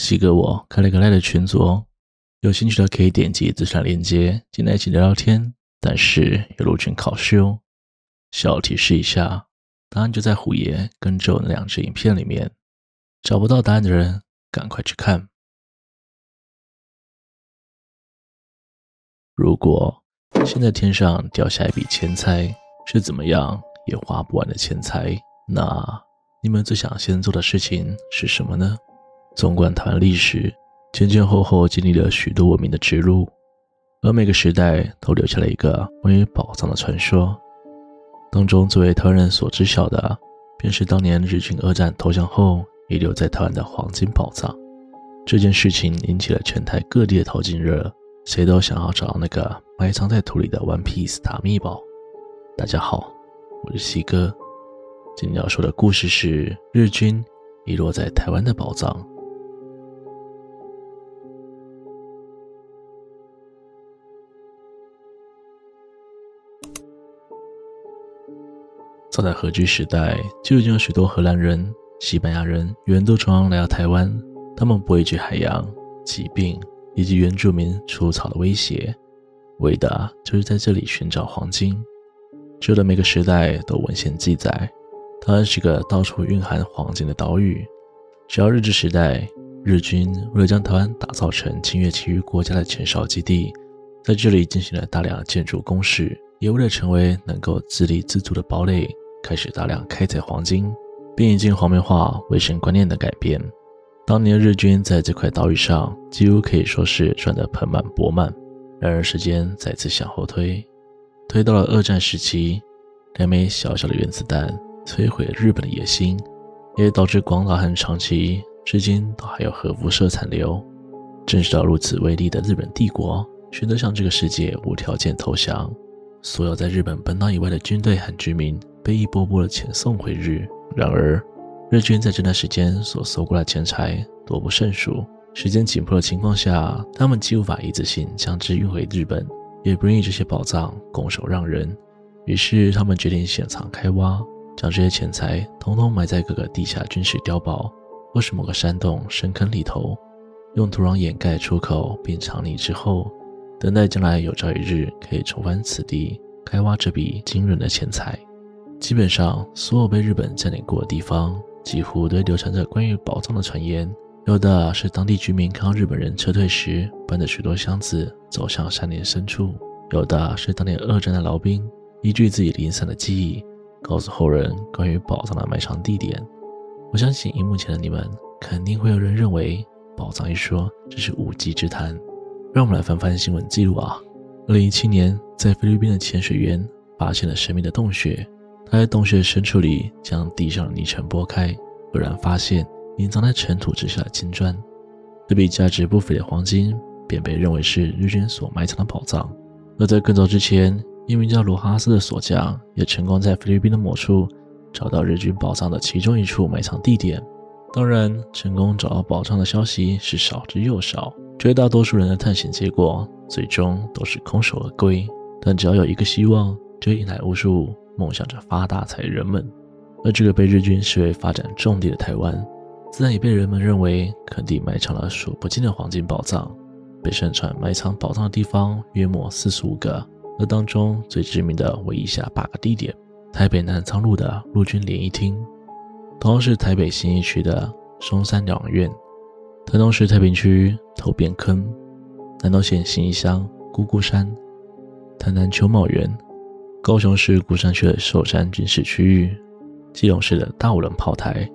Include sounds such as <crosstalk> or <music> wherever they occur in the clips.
西哥我，我開了一個賴的群組哦，有興趣的可以點擊資產鏈接進來一起聊聊天，但是有入群考試哦。小提示一下，答案就在虎爺跟着我那兩支影片裡面，找不到答案的人趕快去看。如果現在天上掉下一筆錢財，是怎麼樣也花不完的錢財，那你們最想先做的事情是什麼呢？縱觀台灣歷史，前前後後經歷了許多文明的植入，而每個時代都留下了一個關於寶藏的傳說。當中最為台灣人所知曉的，便是當年日軍二戰投降後遺留在台灣的黃金寶藏。這件事情引起了全台各地的淘金熱，誰都想要找到那個埋藏在土裡的 One Piece 大秘寶。大家好，我是西哥，今天要說的故事是日軍遺落在台灣的寶藏。早在荷據時代，就已經有許多荷蘭人、西班牙人遠渡重洋來到台灣。他們不畏懼海洋、疾病以及原住民出草的威脅，為的就是在這裡尋找黃金。這的每個時代都文獻記載，台灣是個到處蘊含黃金的島嶼。直到日治時代，日軍為了將台灣打造成侵略其餘國家的前哨基地，在這裡進行了大量建築工事，也為了成為能夠自立自足的堡壘。開始大量開採黃金，並引進黃梅化衛生觀念的改變。當年日軍在這塊島嶼上幾乎可以說是賺得盆滿缽滿。然而，時間再次向後推，推到了二戰時期，兩枚小小的原子彈摧毀了日本的野心，也導致廣島和長崎至今都還有核輻射殘留。見識到如此威力的日本帝國，選擇向這個世界無條件投降。所有在日本本島以外的軍隊和居民，被一波波的遣送回日，然而日軍在這段時間所搜刮的錢財多不勝數。時間緊迫的情況下，他們既無法一次性將之運回日本，也不願意這些寶藏拱手讓人。於是，他們決定現場開挖，將這些錢財統統埋在各個地下軍事碉堡或是某個山洞、深坑裡頭，用土壤掩蓋出口並藏匿之後，等待將來有朝一日可以重返此地，開挖這筆驚人的錢財。基本上，所有被日本佔領過的地方，幾乎都流傳着關於寶藏的傳言。有的是當地居民看到日本人撤退時，搬着許多箱子走向山林深處；有的是當年二戰的老兵，依據自己零散的記憶，告訴後人關於寶藏的埋藏地點。我相信，熒幕前的你們肯定會有人認為，寶藏一說只是無稽之談。讓我們來翻翻新聞記錄啊！二零一七年，在菲律賓的潛水員發現了神秘的洞穴。他在洞穴深處裡將地上的泥塵撥開，偶然發現隱藏在塵土之下的金磚。這筆價值不菲的黃金便被認為是日軍所埋藏的寶藏。而在更早之前，一名叫羅哈斯的鎖匠也成功在菲律賓的某處找到日軍寶藏的其中一處埋藏地點。當然，成功找到寶藏的消息是少之又少，絕大多數人的探險結果最終都是空手而歸。但只要有一個希望，就引來無數。夢想着發大財的人們，而這個被日軍視為發展重地的台灣，自然也被人們認為肯定埋藏了數不盡的黃金寶藏。被盛傳埋藏寶藏的地方約莫四十五個，而當中最知名的為以下八個地點：台北南昌路的陸軍聯誼廳，同樣是台北信義區的松山兩院，台中市太平區頭汴坑，南投縣信義鄉姑姑山，台南秋茂園。高雄市鼓山區的壽山軍事區域，基隆市的大武崙炮台，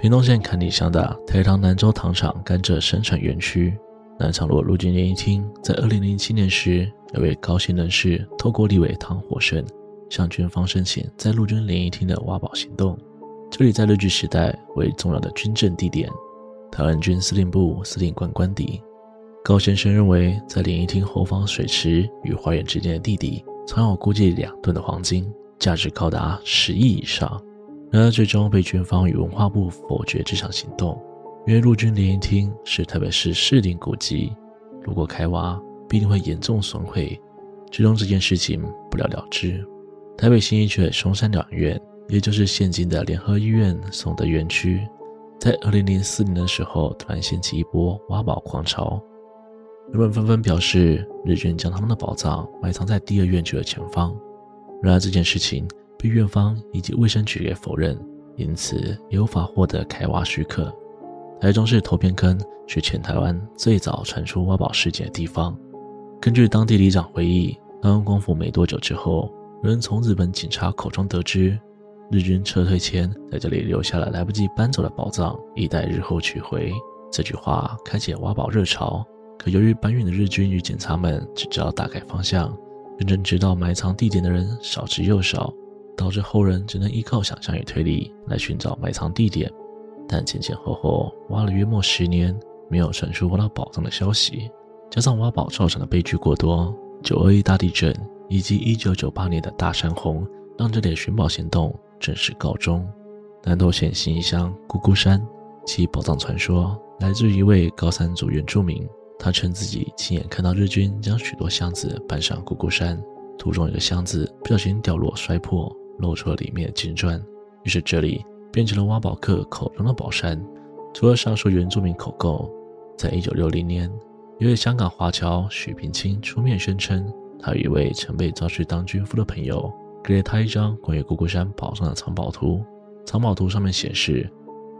屏東縣坎里鄉的台糖南州糖廠甘蔗生產園區，南昌路陸軍聯誼廳，在二零零七年時，有位高姓人士透過立委湯火聖向軍方申請在陸軍聯誼廳的挖寶行動。這裡在日據時代為重要的軍政地點，台灣軍司令部司令官官邸。高先生認為，在聯誼廳後方水池與花園之間的地底，曾有估計兩噸的黃金，價值高達十億以上，然而最終被軍方與文化部否決這場行動，因為陸軍聯誼廳是特別是士林古蹟，如果開挖必定會嚴重損毀，最終這件事情不了了之。台北信義區松山兩院，也就是現今的聯合醫院松德院區，在二零零四年的時候突然掀起一波挖寶狂潮。人們紛紛表示，日軍將他們的寶藏埋藏在第二院區的前方。然而，這件事情被院方以及衛生局也否認，因此也無法獲得開挖許可。台中市頭汴坑是全台灣最早傳出挖寶事件的地方。根據當地里長回憶，當光復沒多久之後，人從日本警察口中得知，日軍撤退前在這裡留下了來不及搬走的寶藏，以待日後取回。這句話開啟了挖寶熱潮。可由於搬運的日軍與警察們只知道大概方向，認真知道埋藏地點的人少之又少，導致後人只能依靠想象與推理來尋找埋藏地點。但前前後後挖了約莫十年，沒有傳出挖到寶藏的消息。加上挖寶造成的悲劇過多，九二一大地震以及一九九八年的大山洪，讓這點尋寶行動正式告終。南投縣信義鄉姑姑山，其寶藏傳說來自於一位高山族原住民，他稱自己親眼看到日軍將許多箱子搬上姑姑山，途中一個箱子不小心掉落摔破，露出了裡面的金磚，於是這裡變成了挖寶客口中的寶山。除了上述原住民口供，在一九六零年，一位香港華僑許平清出面宣稱，他有一位曾被召去當軍夫的朋友給了他一張關於姑姑山寶藏的藏寶圖，藏寶圖上面顯示，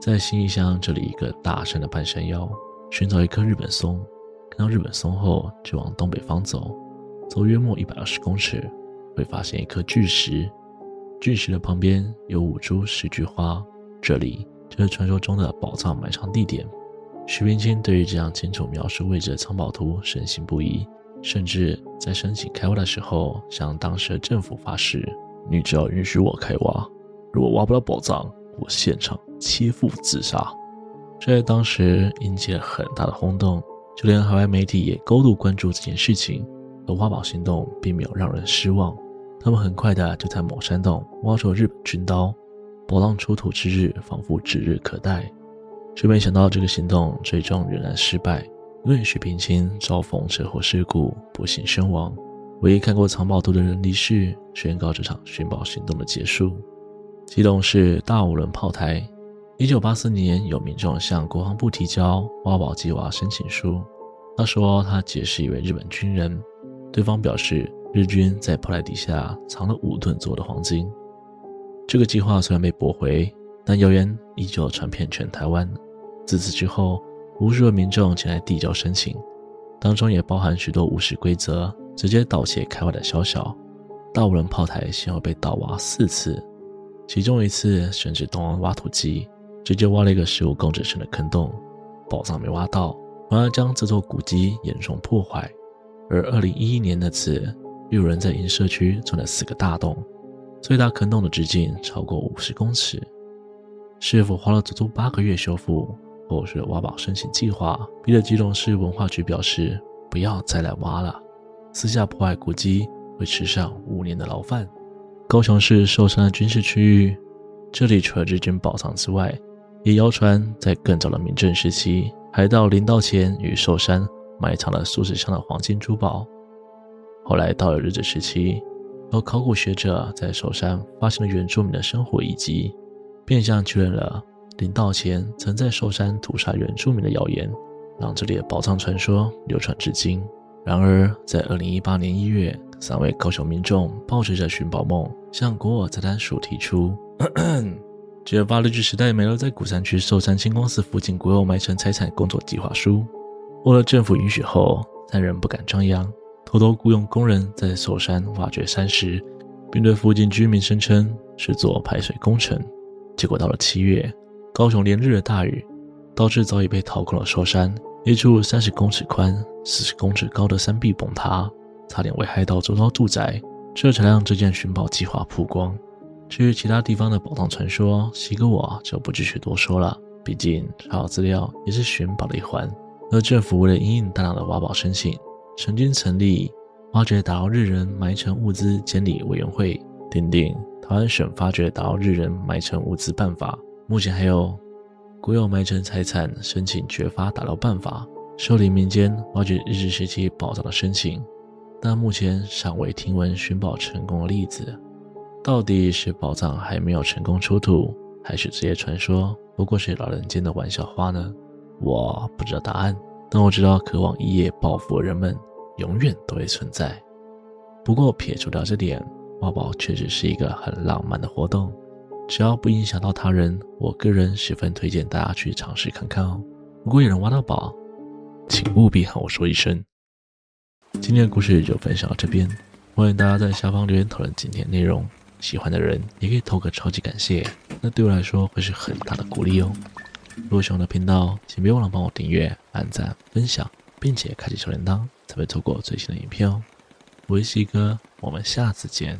在新義鄉這裡一個大山的半山腰，尋找一棵日本松。看到日本松後，就往東北方走，走約莫一百二十公尺，會發現一顆巨石，巨石的旁邊有五株石菊花，這裡就是傳說中的寶藏埋藏地點。徐冰清對於這樣清楚描述位置的藏寶圖深信不疑，甚至在申請開挖的時候，向當時的政府發誓：“你只要允許我開挖，如果挖不到寶藏，我現場切腹自殺。”這在當時引起了很大的轟動。就連海外媒體也高度關注這件事情，而挖寶行動並沒有讓人失望，他們很快的就在某山洞挖出了日本軍刀，寶藏出土之日仿佛指日可待，卻沒想到這個行動最終仍然失敗，因為許平清遭逢車禍事故不幸身亡，唯一看過藏寶圖的人離世，宣告這場尋寶行動的結束。基隆市大武崙炮台。一九八四年，有民眾向國防部提交挖寶計劃申請書。他說，他結識一位日本軍人。對方表示，日軍在炮台底下藏了五噸左右的黃金。這個計劃雖然被駁回，但謠言依舊傳遍全台灣。自此之後，無數的民眾前來遞交申請，當中也包含許多無視規則、直接盜竊開挖的宵小。大武崙炮台先後被盜挖四次，其中一次甚至動用挖土機，直接挖了一個十五公尺深的坑洞，寶藏沒挖到，反而將這座古蹟嚴重破壞。而二零一一年那次，又有人在銀社區鑽了四個大洞，最大坑洞的直徑超過五十公尺。市府花了足足八個月修復，後續挖寶申請計劃逼得基隆市文化局表示不要再來挖了。私下破壞古蹟會吃上五年的牢飯。高雄市壽山的軍事區域，這裡除了日軍寶藏之外，也謠傳，在更早的明治時期，海盜林道乾於壽山埋藏了數十箱的黃金珠寶。後來到了日治時期，有考古學者在壽山發現了原住民的生活遺跡，變相確認了林道乾曾在壽山屠殺原住民的謠言，讓這裡的寶藏傳說流傳至今。然而，在二零一八年一月，三位高雄民眾抱着着尋寶夢，向國有財產署提出。 <coughs> 只有日據時代埋了在鼓山區壽山清光寺附近國有埋藏財產工作計劃書，獲得政府允許後，三人不敢張揚，偷偷雇傭工人在壽山挖掘山石，並對附近居民聲稱是做排水工程。結果到了七月，高雄連日的大雨，導致早已被掏空的壽山一處三十公尺寬、四十公尺高的山壁崩塌，差點危害到周遭住宅，這才讓這件尋寶計劃曝光。至於其他地方的寶藏傳說，習哥我就不繼續多說了。畢竟查好資料也是尋寶的一環。而政府為了因應大量挖寶申請，曾經成立挖掘打撈日人埋藏物資監理委員會，訂定《台灣省發掘打撈日人埋藏物資辦法》。目前還有《國有埋藏財產申請掘發打撈辦法》，受理民間挖掘日治時期寶藏的申請，但目前尚未聽聞尋寶成功的例子。到底是寶藏還沒有成功出土，還是這些傳說不過是老人間的玩笑話呢？我不知道答案，但我知道渴望一夜暴富的人們永遠都會存在。不過撇除掉這點，挖寶確實是一個很浪漫的活動。只要不影響到他人，我個人十分推薦大家去嘗試看看哦。如果有人挖到寶，請務必和我說一聲。今天的故事就分享到這邊，歡迎大家在下方留言討論今天的內容。喜歡的人也可以投個超級感謝，那對我來說會是很大的鼓勵哦。如果喜歡我的頻道，請別忘了幫我訂閱、按讚、分享，並且開啟小鈴鐺，才不會錯過最新的影片哦。我是希哥，我們下次見。